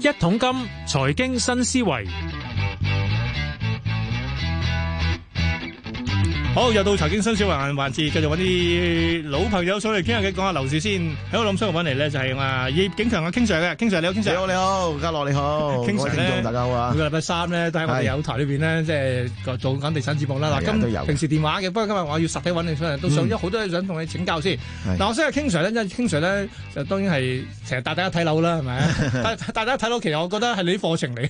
一桶金，財經新思維。好又到財經新小環環節，繼續揾啲老朋友上嚟傾下偈，講下樓市先。喺度諗想揾嚟咧，就係嘛葉景強啊，King Sir 嘅，King Sir 你好，King Sir 你好，嘉樂你好，各位聽眾大家好啊。每個禮拜三咧，都喺我哋友台裏邊咧，即係是做緊地產節目啦。的今日有平時電話嘅，不過今日我要實體揾你出嚟，都想咗好多嘢想同你請教先。嗱、嗯，但我先係 King Sir 咧，因為 King Sir 咧就當然係成日帶大家睇樓啦，係咪？但 大家睇樓，其實我覺得係你課程嚟。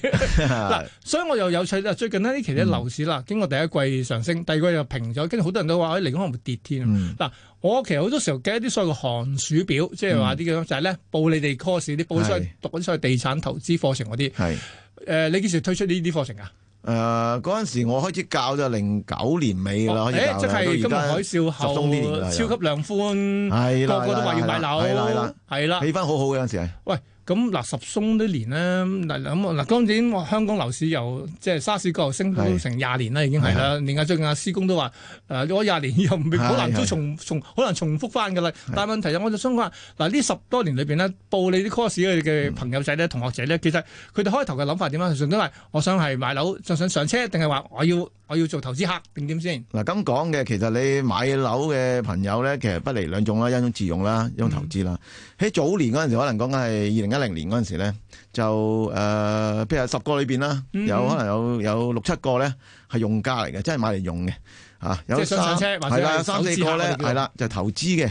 嗱， 所以我又有趣最近呢，期呢期咧樓市啦，經過第一季上升，第二季又平。跟住好多人都話，咦，嚟緊可能會跌添嗱，我其實好多時候計一啲所謂嘅寒暑表，即係話啲叫，就係咧報你哋 course 啲報咗去讀緊所謂地產投資課程嗰啲。係，誒，你幾時推出呢啲課程啊？誒，嗰陣時我開始教就零九年尾啦，可以教啦。即係金融海嘯後，超級量寬，個個都話要買樓，係啦，氣氛好好嗰陣時啊！咁嗱十鬆呢年呢，嗱咁嗱，今年香港樓市由即係沙士之後升到成廿年啦，已經係啦。是連阿最近阿師公都話，誒，嗰廿年以後唔係好難再重重，好是難重複翻嘅啦。是但問題就我就想問，嗱呢十多年裏邊呢，報你啲 course 嘅朋友仔咧、嗯、同學仔咧，其實佢哋開頭嘅諗法點樣？純粹係我想係買樓，就想上車，定係話我要？我要做投資客定點先？嗱咁講嘅，其實你買樓嘅朋友咧，其實不離兩種啦，一種自用啦，一種投資啦。喺、嗯、早年嗰陣時，可能講緊係二零一零年嗰陣時咧，就誒譬、呃、如十個裏邊啦，嗯嗯有可能有有六七個咧係用家嚟嘅，即係買嚟用嘅嚇，有三係啦，三四個咧係、啊、啦，就是、投資嘅。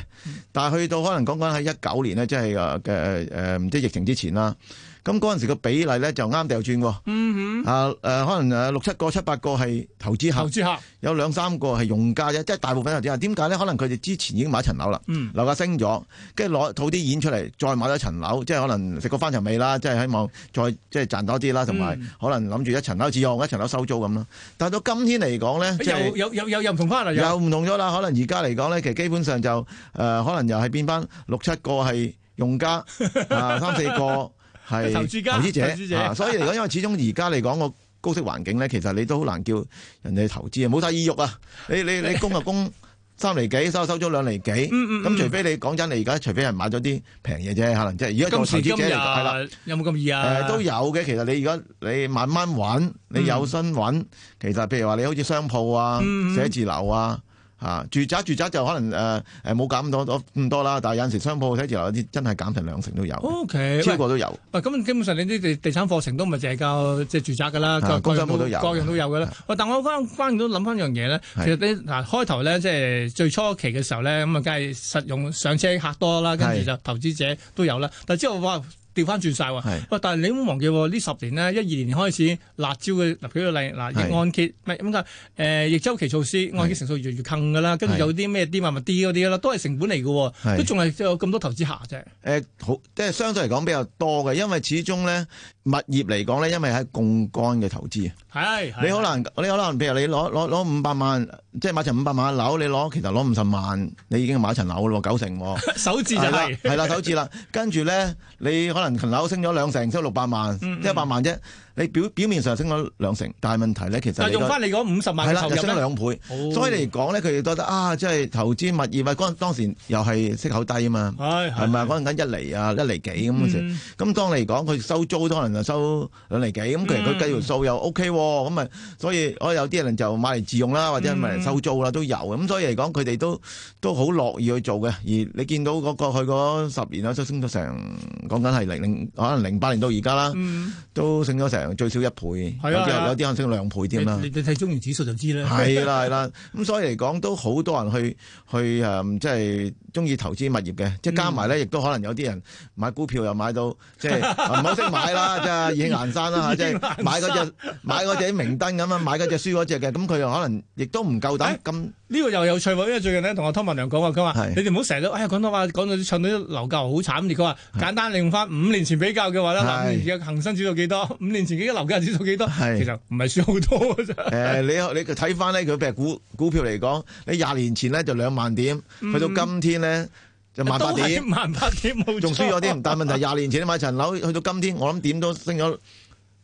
但係去到可能講緊喺一九年咧，即係誒嘅誒唔知疫情之前啦。咁嗰陣時個比例咧就啱掉轉喎，mm hmm. 啊誒、呃，可能誒六七個、七八個係投資客，投資客 有兩三個係用家啫，即係大部分投資客點解咧？可能佢哋之前已經買一層樓啦，樓價、mm hmm. 升咗，跟住攞套啲錢出嚟再買咗一層樓，即係可能食過翻尋味啦，即係希望再即係賺多啲啦，同埋、mm hmm. 可能諗住一層樓自用，一層樓收租咁咯。但係到今天嚟講咧，即係又又又又唔同翻啦，又唔同咗啦。可能而家嚟講咧，其實基本上就誒，可、呃、能、呃、又係變翻六,六七個係用家，啊、呃，三四個。 係投資家投資者，所以嚟講，啊、因為始終而家嚟講個高息環境咧，其實你都好難叫人哋投資啊！冇晒意欲啊！你你你供就供 三厘幾，收收咗兩厘幾，咁、嗯嗯嗯、除非你講真，你而家除非人買咗啲平嘢啫，可能即係而家做投資者嚟，係啦，有冇咁易啊？誒、呃、都有嘅，其實你而家你慢慢揾，你有心揾，嗯、其實譬如話你好似商鋪啊、嗯、寫字樓啊。啊，住宅住宅就可能誒誒冇減咁多咁多啦，但係有陣時商鋪睇住有啲真係減成兩成都有，okay，超過都有。咁、呃呃，基本上你啲地地，地產課程都唔係淨係教即係住宅㗎啦，各樣都有，各樣都有㗎啦。但我翻翻都諗翻樣嘢咧，是其實啲嗱、呃、開頭咧即係最初期嘅時候咧，咁啊梗係實用上車客多啦，跟住就投資者都有啦，但係之後話。嗯嗯調翻轉晒喎，喂！是但係你唔好忘記喎，呢十年咧，一二年開始辣招嘅，嗱舉個例，嗱逆是按揭，唔係點解？逆周期措施，按揭成數越嚟越坑㗎啦，跟住是有啲咩啲物物啲嗰啲啦，都係成本嚟嘅喎，是都仲係有咁多投資客啫。誒、呃、好，即係相對嚟講比較多嘅，因為始終咧，物業嚟講咧，因為喺槓桿嘅投資啊。係，你可能你可能譬如你攞攞攞五百萬，即係買層五百萬嘅樓，你攞其實攞五十萬，你已經買一層樓㗎九成。 首次就係係啦，首次啦，跟住咧，你可能層樓升咗兩成，升六百萬，即一百、嗯嗯、萬啫。你表表面上升咗兩成，但係問題咧，其實用翻嚟嗰五十萬投入咧，升咗兩倍。Oh. 所以嚟講咧，佢哋覺得啊，即係投資物業，咪嗰陣當時又係息口低啊嘛，係咪啊？嗰陣間一厘啊，一厘幾咁嗰時。咁、mm. 當嚟講，佢收租可能就收兩厘幾咁，其實佢計條數又 OK 喎、啊。咁咪、mm. 所以，我有啲人就買嚟自用啦，或者買嚟收租啦都有。咁所以嚟講，佢哋都都好樂意去做嘅。而你見到嗰、那個去嗰十年啊，都升咗成，講緊係零零，可能零八年到而家啦，都升咗成。Mm. 最少一倍，啊、有有啲可能升兩倍添啦。你睇中原指數就知啦。係啦係啦，咁、啊、 所以嚟講都好多人去去誒，即係中意投資物業嘅，即係加埋咧，亦都可能有啲人買股票又買到，即係唔好識買啦，即係倚巖山啦即係、就是、買嗰隻 買嗰隻明燈咁樣買嗰隻輸嗰隻嘅，咁佢又可能亦都唔夠膽咁。 呢個又有趣喎，因為最近咧同阿湯文亮講是、哎、話，佢話：你哋唔好成日都，哎呀講到話講到啲唱到啲樓價好慘，佢話是簡單，利用翻五年前比較嘅話啦，有恆生指數幾多，多，是多？五、呃、年前幾多樓價指數幾多？其實唔係算好多嘅啫。誒，你你睇翻咧，佢譬如股股票嚟講，你廿年前咧就兩萬點，嗯、去到今天咧就萬八點，萬八 點冇。仲輸咗啲，但問題廿年前你買層樓，去到今天，我諗點都升咗。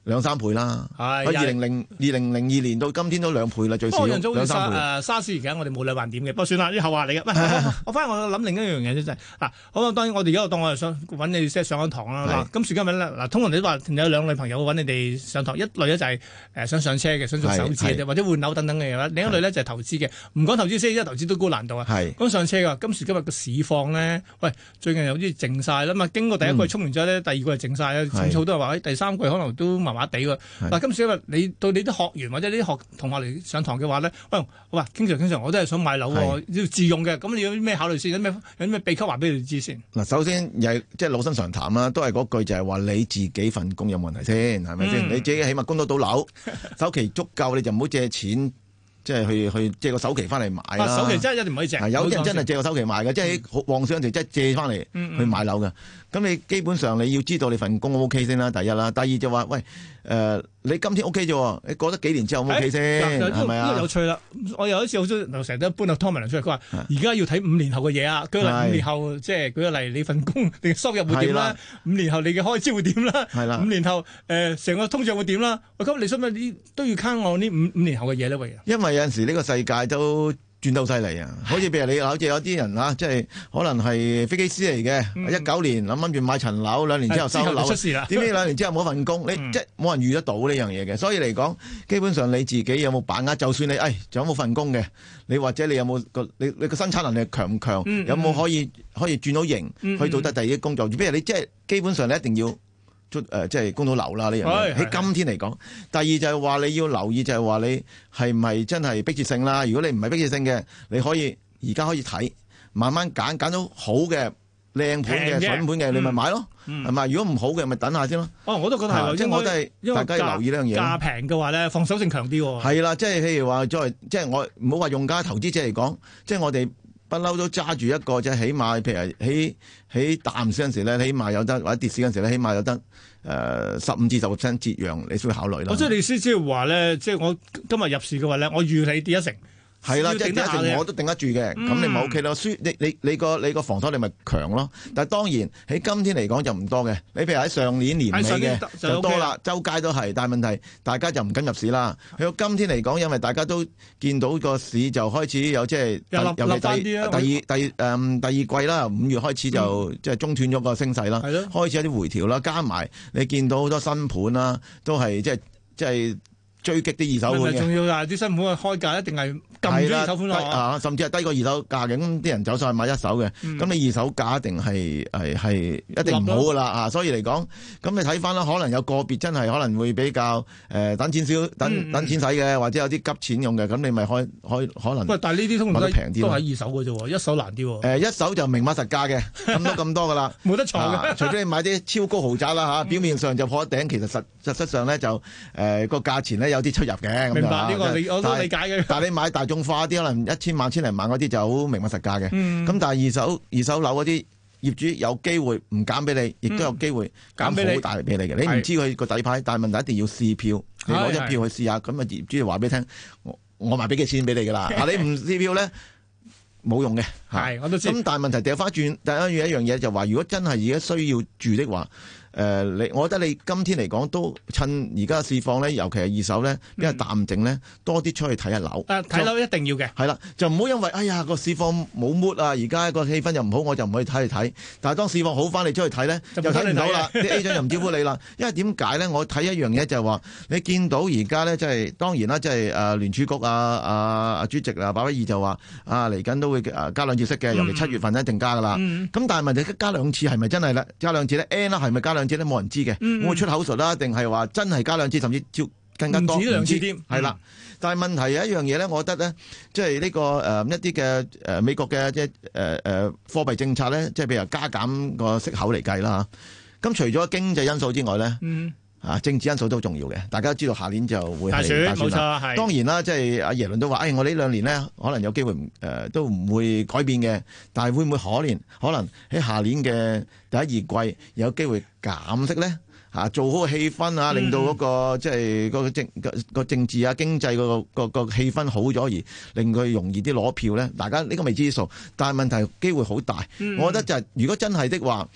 兩三倍啦，喺是二零零二零零二年到今天都兩倍啦，最少兩三倍，誒沙士而家我哋冇理還點嘅，不過算啦，呢後話嚟嘅。我反而我諗另一樣嘢先，就係嗱，好啊，當然我哋而家當我哋想揾你即係上緊堂啦。是啊、今時今日嗱、啊，通常你都話有兩類朋友揾你哋上堂，一類咧就係、是、誒、呃、想上車嘅，想做首資或者換樓等等嘅嘢啦。另一類咧就係、是、投資嘅，唔講投資先，因為投資都高難度啊。係咁是上車㗎，今時今日個市況呢，喂，最近有啲靜晒啦嘛，經過第一季衝完之後呢，第二季又靜曬啊，甚至好多都話喺第三季可能都麻地㗎嗱，今是次因為你對你啲學員或者你啲學同學嚟上堂嘅話咧，喂，好呀，King Sir，King Sir 我都係想買樓，是要自用嘅，咁你要有啲咩考慮先？有咩有啲咩秘笈話俾你知先？嗱，首先又係即係老生常談啦、啊，都係嗰句就係話你自己份工有問題先，係咪先？嗯、你自己起碼供得到樓，首期足夠你就唔好借錢。即係去去借個首期翻嚟買啦。首期真係一定唔可以借。有啲人真係借個首期買嘅，即係好旺上嗰條，即係借翻嚟去買樓嘅。咁你基本上你要知道你份工 O K 先啦，第一啦。第二就話喂，誒你今天 O K 啫，你過得幾年之後 O K 先，係咪啊？有趣啦！我有一次好似成日都搬阿湯文亮出嚟，佢話：而家要睇五年後嘅嘢啊！佢話五年後即係舉個例，你份工定收入會點啦？五年後你嘅開支會點啦？係啦。五年後誒成個通脹會點啦？喂，咁你信唔信？你都要 count 我呢五五年後嘅嘢咧？喂。因為有陣時呢個世界都轉到犀利啊！好似譬如你好似有啲人啊，即係可能係飛機師嚟嘅。嗯、一九年諗諗住買層樓，兩年之後收樓，出事啦，點知兩年之後冇份工？你、嗯、即係冇人遇得到呢樣嘢嘅。所以嚟講，基本上你自己有冇把握？就算你誒，哎、仲有冇份工嘅，你或者你有冇個你你個生產能力強唔強？嗯、有冇可以可以轉到型，去到得第二啲工作？譬、嗯嗯、如你即係基本上你一定要。出即係供到樓啦，呢樣喺今天嚟講。第二就係話你要留意，就係話你係唔係真係逼切性啦。如果你唔係逼切性嘅，你可以而家可以睇，慢慢揀，揀到好嘅靚盤嘅筍盤嘅，嗯、你咪買咯，係咪？如果唔好嘅，咪等下先咯。哦，我都覺得係，即係我都係大家要留意呢樣嘢。平嘅話咧，放手性強啲、啊。係啦、啊，即係譬如話再即係我唔好話用家投資者嚟講，即係我哋。不嬲都揸住一個啫，起碼譬如喺喺淡市嗰陣時咧，起碼有得；或者跌市嗰陣時咧，起碼有得誒十五至十六 percent 折讓，你先會考慮啦。 我即係意思即係話咧，即係我今日入市嘅話咧，我預計你跌一成。係啦，即係即係，我都定得住嘅。咁、嗯、你咪 OK 咯。輸你你你個你個防守你咪強咯。但係當然喺今天嚟講就唔多嘅。你譬如喺上年年尾嘅就多啦，周街都係。但係問題大家就唔敢入市啦。去到今天嚟講，因為大家都見到個市就開始有即係，尤其立第第二第第二、嗯、季啦，五月開始就即係、嗯、中斷咗個升勢啦，的開始有啲回調啦。加埋你見到好多新盤啦，都係即係即係。即追擊啲二手嘅，仲要啊！啲新盤嘅開價一定係撳住二手款落甚至係低過二手價嘅，咁啲人走上去買一手嘅，咁、嗯、你二手價一定係係係一定唔好噶啦啊！了所以嚟講，咁你睇翻啦，可能有個別真係可能會比較誒、呃、等錢少等等錢使嘅，或者有啲急錢用嘅，咁你咪可可可能喂，但係呢啲通常都平啲，都係二手嘅啫，一手難啲喎、嗯 呃。一手就明碼實價嘅，咁多咁多噶啦，冇 得錯嘅、啊。除非你買啲超高豪宅啦嚇、啊，表面上就破頂，其實實實質上咧就誒個、呃、價錢咧有啲出入嘅，明白呢個我都理解嘅。但係你買大眾化啲，可能一千萬、千零萬嗰啲就好明白實價嘅。咁但係二手二手樓嗰啲業主有機會唔減俾你，亦都有機會減好大嚟俾你嘅。你唔知佢個底牌，但係問題一定要試票，你攞張票去試下，咁啊業主就話俾你聽，我我賣俾幾錢俾你噶啦。你唔試票咧，冇用嘅。係，我都知。咁但係問題掉翻轉，第一樣嘢就話，如果真係而家需要住的話。誒你、呃，我覺得你今天嚟講都趁而家市況咧，尤其係二手咧，比較淡靜咧，多啲出去睇下樓。睇、嗯就啊、樓一定要嘅。係啦， 就唔好因為，哎呀個市況冇 mood 啊，而家個氣氛又唔好，我就唔可以睇去睇。但係當市況好翻，你出去睇咧，就睇唔到樓啦，A 咗又唔招呼你啦。因為點解咧？我睇一樣嘢就係話，你見到而家咧，即、就、係、是、當然啦、就是，即係誒聯儲局啊啊主席啊，鮑威爾就話啊嚟緊、啊、都會加兩次息嘅，尤其七月份一定加噶啦。咁、嗯嗯、但係問題加兩次係咪真係咧？加兩次咧 N 啊係咪加兩次？加兩次只咧冇人知嘅，會，會出口術啦，定係話真係加兩支，甚至超更加多。唔止兩次添，係啦止。但係問題有一樣嘢咧，我覺得咧、就是這個呃呃呃呃，即係呢個誒一啲嘅誒美國嘅即係誒誒貨幣政策咧，即係譬如加減個息口嚟計啦吓。咁、啊、除咗經濟因素之外咧。嗯啊，政治因素都好重要嘅，大家知道下年就會大選，冇錯，係當然啦，即係阿耶倫都話，誒、哎，我呢兩年呢，可能有機會誒、呃、都唔會改變嘅，但係會唔會可憐？可能喺下年嘅第一二季有機會減息咧？吓、啊、做好個氣氛啊，令到嗰、那個、嗯、即係、個政、個政治啊、經濟、那個、那個個氣氛好咗而令佢容易啲攞票咧？大家呢、這個未知數，但係問題機會好大，嗯、我覺得就係、是、如果真係的，的話，誒、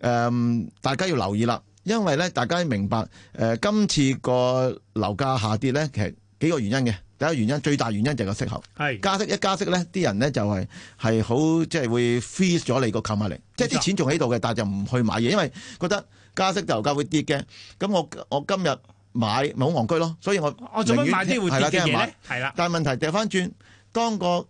呃，大家要留意啦。因為咧，大家明白誒、呃，今次個樓價下跌咧，其實幾個原因嘅。第一原因，最大原因就係個息口，係是加息，一加息咧，啲人咧就係係好即係會 freeze 咗你個購物力，即係啲的錢仲喺度嘅，但係就唔去買嘢，因為覺得加息就樓價會跌嘅。咁我我今日買咪好戇居咯，所以我我做乜買啲會跌嘅嘢咧？係啦的，但係問題掉翻轉，當個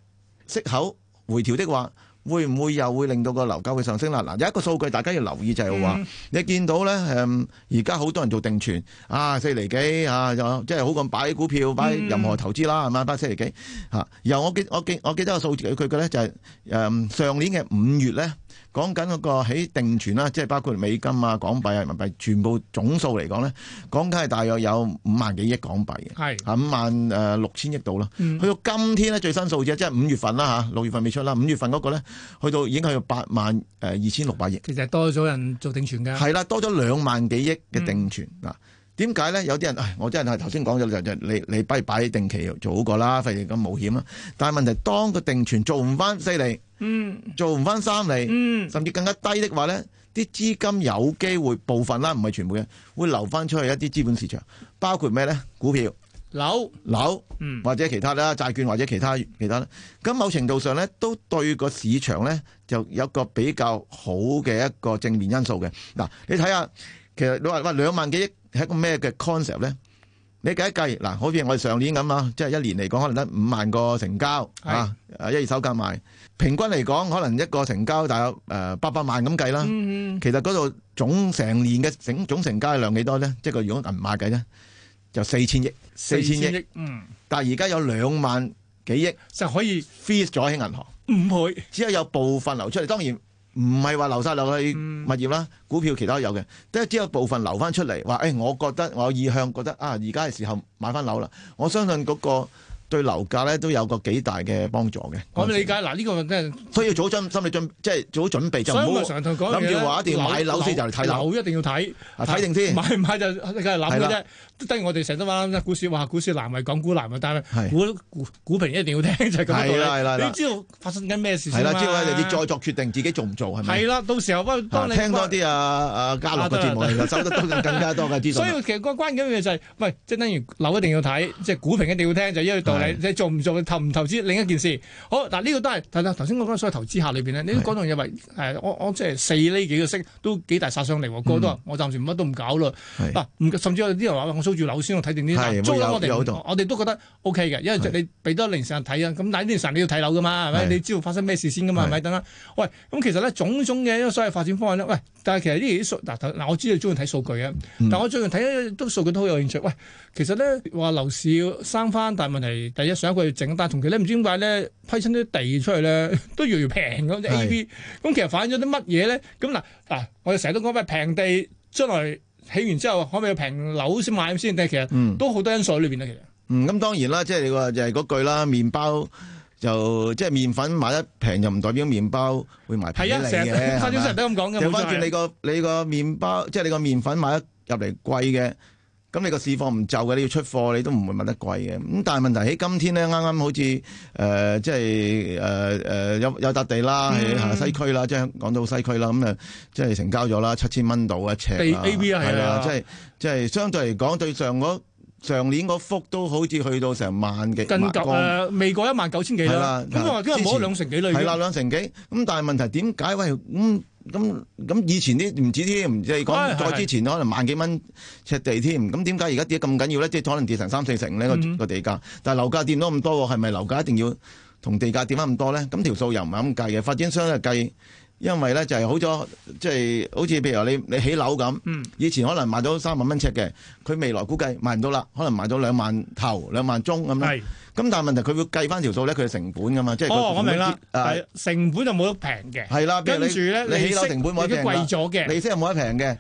息口回調的話。會唔會又會令到個樓價會上升啦？嗱，有一個數據大家要留意就係話，嗯、你見到咧，誒，而家好多人做定存，啊，四厘幾啊，就即係好咁擺股票，擺任何投資啦，係嘛、嗯，擺四厘幾，吓、啊。然後我記我記我記得，我記得個數字佢嘅咧就係、是，誒、嗯，上年嘅五月咧。講緊嗰個喺定存啦，即係包括美金啊、港幣啊、人民幣，全部總數嚟講咧，講緊係大約有五萬幾億港幣，係五是萬誒六千億度啦。去、嗯、到今天咧最新數字，即係五月份啦吓，六月份未出啦。五月份嗰個咧，去到已經去到八萬誒二千六百億。其實多咗人做定存噶，係啦，多咗兩萬幾億嘅定存嗱。點解咧？有啲人誒，我真係係頭先講咗，就就是、你你不如擺定期做好過啦，費事咁冒險啦。但係問題，當個定存做唔翻，犀利。嗯，做唔翻三厘，甚至更加低的話，呢啲資金有機會部分啦，唔係全部嘅，會流翻出去一啲資本市場，包括咩呢？股票、樓樓、樓樓，嗯，或者其他啦，債券或者其他其他咧。咁某程度上呢，都對個市場呢，就有個比較好嘅一個正面因素嘅。嗱，你睇下，其實你話話兩萬幾億係一個咩嘅 concept 咧？你計一計，嗱，好似我哋上年咁啊，即係一年嚟講，可能得五萬個成交，吓是、啊，一二手價賣，平均嚟講，可能一個成交大約誒八百萬咁計啦。嗯嗯其實嗰度總成年嘅整總成交量幾多咧？即係個如果銀碼計咧，就四千億，四千億，嗯。但係而家有兩萬幾億，就可以 freeze 咗喺銀行五倍，只有有部分流出嚟，當然。唔係話流晒落去物業啦，股票其他都有嘅。即係只有部分流翻出嚟，話誒、哎，我覺得我意向覺得啊，而家係時候買翻樓啦，我相信嗰、那個。對樓價咧都有個幾大嘅幫助嘅，我理解嗱，呢個真係需要做好心理準，即係做好準備就唔好話一定要買樓先就嚟睇樓，一定要睇睇定先買唔買就梗係諗嘅啫。等於我哋成日都話股市，話股市難為講股難，但係股股股評一定要聽就係咁多。你知道發生緊咩事先啦？知道你再作決定，自己做唔做係咪？係啦，到時候當你聽多啲阿阿嘉樂嘅節目，收得更加多嘅資訊。所以其實個關鍵嘅就係，唔即係等於樓一定要睇，即係股評一定要聽，就因為你你做唔做投唔投資另一件事，好，嗱呢個都係頭頭先我講所謂投資客裏邊呢，你都講到認為誒我我即係四釐幾個息都幾大殺傷力喎，嗰都話我暫時乜都唔搞咯。嗱甚至有啲人話我租住樓先，我睇定啲樓租啦，我哋我哋都覺得 O K 嘅，因為你俾多零日睇啊，咁但睇零散你要睇樓噶嘛，係咪？你知道發生咩事先噶嘛，咪等啦。喂，咁其實咧種種嘅所謂發展方案咧，喂。但係其實呢啲數嗱嗱，啊，我知道你中意睇數據嘅，但我最近睇都數據都好有興趣。喂，其實咧話樓市要升翻，但係問題第一想佢整單，但係同期咧唔知點解咧批出啲地出嚟咧都越嚟越平咁嘅 A p 咁其實反映咗啲乜嘢咧？咁嗱嗱，我哋成日都講咩平地將來起完之後可唔可以平樓先買先？但係其實都好多因素喺裏邊啦，其實，嗯。咁，嗯嗯嗯嗯，當然啦，即係你話就係，是，嗰句啦，麪包。就即係麵粉買得平，就唔代表麵包會賣平嘅。係啊，成日花招新人都咁講嘅。調你個、啊、你個麵包，即係你個麵粉買得入嚟貴嘅，咁你個市況唔就嘅，你要出貨你都唔會賣得貴嘅。咁但係問題喺今天咧，啱啱好似誒、呃、即係誒誒有有笪地啦，西區啦，即係、嗯、講到西區啦，咁誒即係成交咗啦，七千蚊度一尺 A B 啊，係啊，即係即係相對嚟講對上嗰。上年個幅都好似去到成萬幾，近及誒未過一萬九千幾啦。咁啊的，今日冇兩成幾類。係啦，兩成幾。咁但係問題點解？喂，咁咁咁以前啲唔止添，即係講再之前可能萬幾蚊尺地添。咁點解而家跌咁緊要咧？即係可能跌成三四成呢個個地價。嗯嗯但係樓價跌到咁多，係咪樓價一定要同地價跌翻咁多咧？咁條數又唔係咁計嘅。發展商就計。因為咧，就係好咗，即係好似譬如話你你起樓咁，以前可能賣咗三萬蚊尺嘅，佢未來估計賣唔到啦，可能賣到兩萬頭兩萬中咁啦。係，咁但係問題佢會計翻條數咧，佢嘅成本噶嘛，即係佢。哦，我明啦。誒，成本就冇得平嘅。係啦，跟住咧，你起樓成本冇得平，貴咗嘅。利息又冇得平嘅，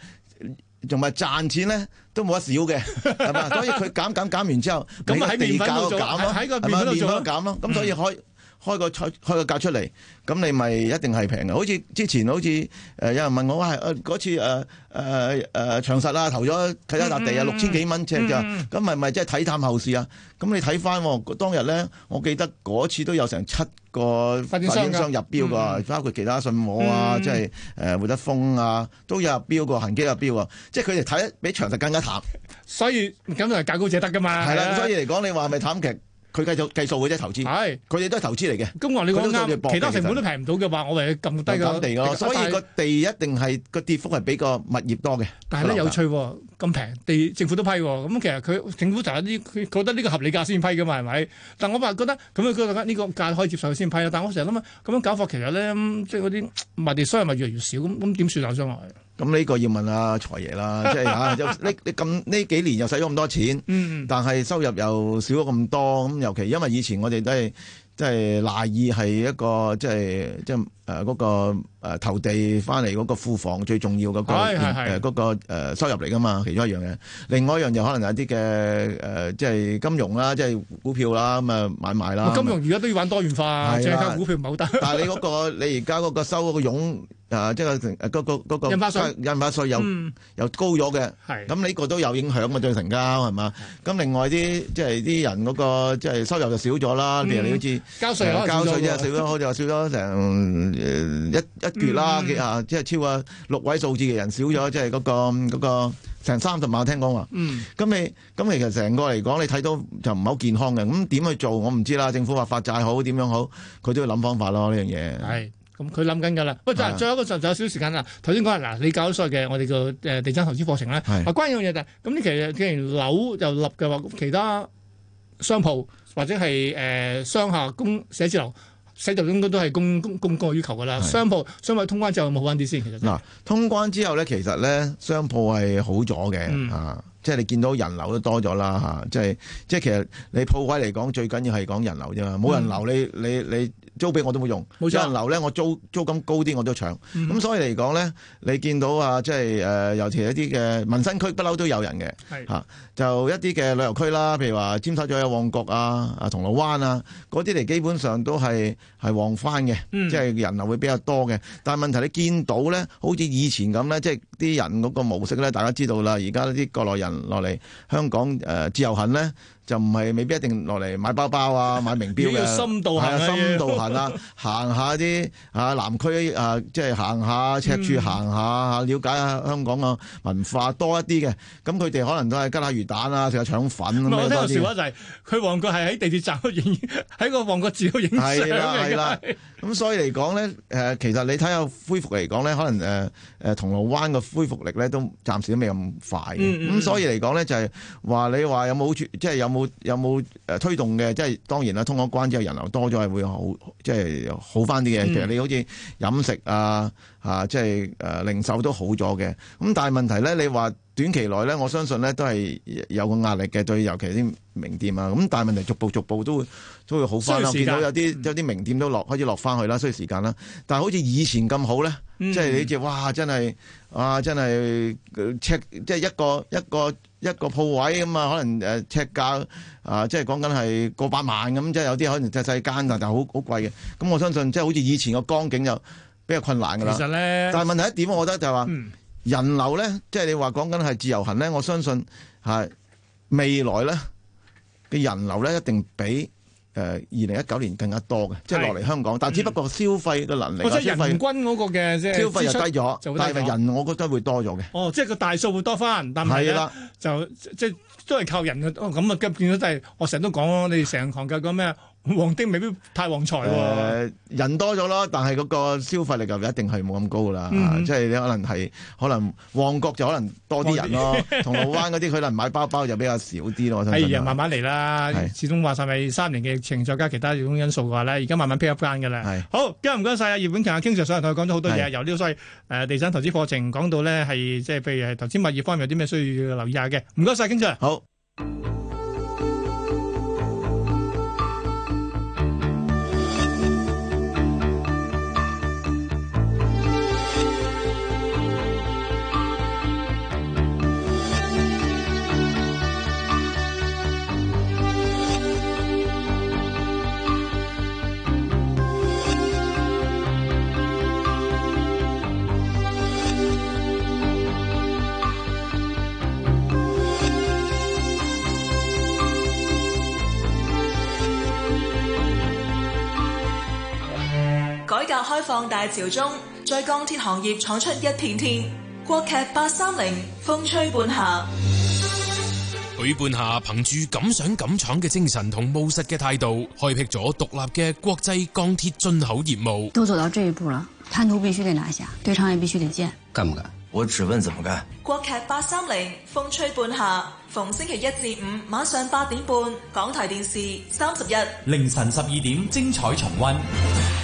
同埋賺錢咧都冇得少嘅，係嘛？所以佢減減減完之後，你地價喺個邊都仲有減咯，咁所以可以。開個菜，開個價出嚟，咁你咪一定係平嘅。好似之前好似誒有人問我，哇、啊！嗰次誒誒誒長實啦、啊，投咗啟德一笪地啊，六千幾蚊尺㗎，咁咪咪即係睇探後市啊。咁你睇翻當日咧，我記得嗰次都有成七個發展商入標㗎，嗯、包括其他信和啊，即係誒會德豐啊，都有入標㗎，恆基入標啊，即係佢哋睇得比長實更加淡，所以咁就係價高者得㗎嘛。係啦的，所以嚟講，你話咪淡極？佢繼續計數嘅啫，投資。係，佢哋都係投資嚟嘅。咁我話你啱，嗯、他其他成本都平唔到嘅話，我咪要撳低。撳地㗎，啊、所以個地以是一定係個跌幅係比個物業多嘅。但係咧有趣，咁平地政府都批，咁、嗯、其實佢政府就有啲佢覺得呢個合理價先批嘅嘛，係咪？但我話覺得咁佢覺得呢個價可以接受先批。但我成日諗咁樣搞貨，其實咧、嗯、即係嗰啲物地，商然咪越來越少，咁咁點算上。將、嗯、來？咁呢個要問阿、啊、財爺啦，即係嚇、啊，呢咁呢幾年又使咗咁多錢，但係收入又少咗咁多，咁尤其因為以前我哋都係即係賴以係一個即係即。即係即係誒嗰個投地翻嚟嗰個庫房最重要嗰個誒嗰收入嚟㗎嘛，其中一樣嘅。另外一樣就可能有啲嘅誒，即係金融啦，即係股票啦，咁啊買賣啦。金融而家都要玩多元化，即係股票唔好得。但係你嗰個你而家嗰個收嗰個傭即係個個個個印印花稅又又高咗嘅。係。咁呢個都有影響嘛，對成交係嘛？咁另外啲即係啲人嗰個即係收入就少咗啦，譬如你哋都知。交稅交稅即少咗，好似話少咗成。誒，一一月啦，啊，即係超過六位數字嘅人少咗，即係嗰、嗰個、嗰個成三十萬，聽講話。嗯，咁你咁其實成個嚟講，你睇到就唔係好健康嘅。咁點去做，我唔知啦。政府話發債好，點樣好，佢都要諗方法咯。呢樣嘢係，咁佢諗緊噶啦。不過就係最後一個就就是的 有少少時間啦。頭先講啊，嗱，你搞咗所謂嘅我哋嘅誒地產投資課程咧，啊，關鍵嘢就係咁。你其實既然樓就立嘅話，其他商鋪或者係誒商廈公寫字樓。世道應該都係供供供過於求嘅啦，是商鋪、商鋪通關之後有冇好翻啲先？其實嗱，通關之後咧，其實咧商鋪係好咗嘅，啊，即係你見到人流都多咗啦，嚇，即係即係其實你鋪位嚟講最緊要係講人流啫嘛，冇人流你你、嗯、你。你你租俾我都冇用，冇、啊、人流咧，我租租金高啲我都搶。咁、嗯、所以嚟講咧，你見到啊，即係誒，尤其係一啲嘅民生區不嬲都有人嘅，嚇是、啊、就一啲嘅旅遊區啦，譬如話尖沙咀、旺角啊、啊銅鑼灣啊，嗰啲嚟基本上都係係旺翻嘅，即係、嗯、人流會比較多嘅。但係問題你見到咧，好似以前咁咧，即係啲人嗰個模式咧，大家知道啦，而家啲國內人落嚟香港誒、呃、自由行咧。就唔係未必一定落嚟買包包啊，買名表嘅。呢深度行、啊啊，深度行啦， 行下啲啊南區啊，即係行下赤柱行下，嗯、了解下香港嘅文化多一啲嘅。咁佢哋可能都係吉下魚蛋啊，食下腸粉咁樣嗰啲。話就係，佢旺角係喺地鐵站度影，喺個旺角字度影相。係啦係啦，咁所以嚟講咧，誒、呃、其實你睇下恢復嚟講咧，可能誒誒、呃呃、銅鑼灣個恢復力咧都暫時都未咁快咁、嗯嗯嗯、所以嚟講咧就係、是、話你話有冇即係有冇？有冇誒推動嘅？即係當然啦，通咗關之後，人流多咗係會好，即係好翻啲嘅。其實你好似飲食啊啊，即係誒、呃、零售都好咗嘅。咁但係問題咧，你話短期內咧，我相信咧都係有個壓力嘅，對尤其啲名店啊。咁但係問題逐步逐步都會都會好翻啦。見到有啲有啲名店都落開始落翻去啦，需要時間啦。但係好似以前咁好咧，嗯、即係你就哇真係啊真係尺即係一個一個。一個鋪位咁啊，可能誒尺價啊，即係講緊係過百萬咁，即係有啲可能細細間，但係好好貴嘅。咁我相信即係好似以前個江景就比較困難㗎啦。其實咧，但係問題一點，我覺得就係話人流咧，即係你話講緊係自由行咧，我相信係未來咧嘅人流咧，一定比，誒二零一九年更加多嘅，即係落嚟香港，是但係只不過消費嘅能力，哦、費即係人均嗰個嘅即係支出又低咗，但係人我覺得會多咗嘅。哦，即係個大數會多返，但係咧的就即係都係靠人去。咁、哦、啊，今見到都係我成日都講，我哋成行嘅個咩？旺丁未必太旺財、啊呃，人多咗咯，但係嗰個消費力就一定係冇咁高啦、嗯啊。即係你可能係可能旺角就可能多啲人咯、啊，銅鑼王子 灣嗰啲佢可能買包包就比較少啲咯。譬如、哎、慢慢嚟啦，是始終話晒咪三年嘅疫情，再加其他各種因素嘅話咧，而家慢慢批入間嘅啦。是好，今日唔該晒啊，葉景強啊，經常上同佢講咗好多嘢，是由呢、這個所以誒、呃、地產投資課程講到咧係即係譬如係頭先物業方面有啲咩需要留意下嘅，唔該曬，King Sir 好。好。開放大潮中，在鋼鐵行業闖出一片天。國劇八三零，風吹半夏。許半夏憑住敢想敢闖嘅精神同務實嘅態度，開闢咗獨立嘅國際鋼鐵進口業務。都走到這一步了，灘塗必須得拿下，堆場也必須得建。幹不幹？我只問怎麼幹。國劇八三零，風吹半夏。逢星期一至五晚上八點半，港台電視三十一，凌晨十二點，精彩重溫。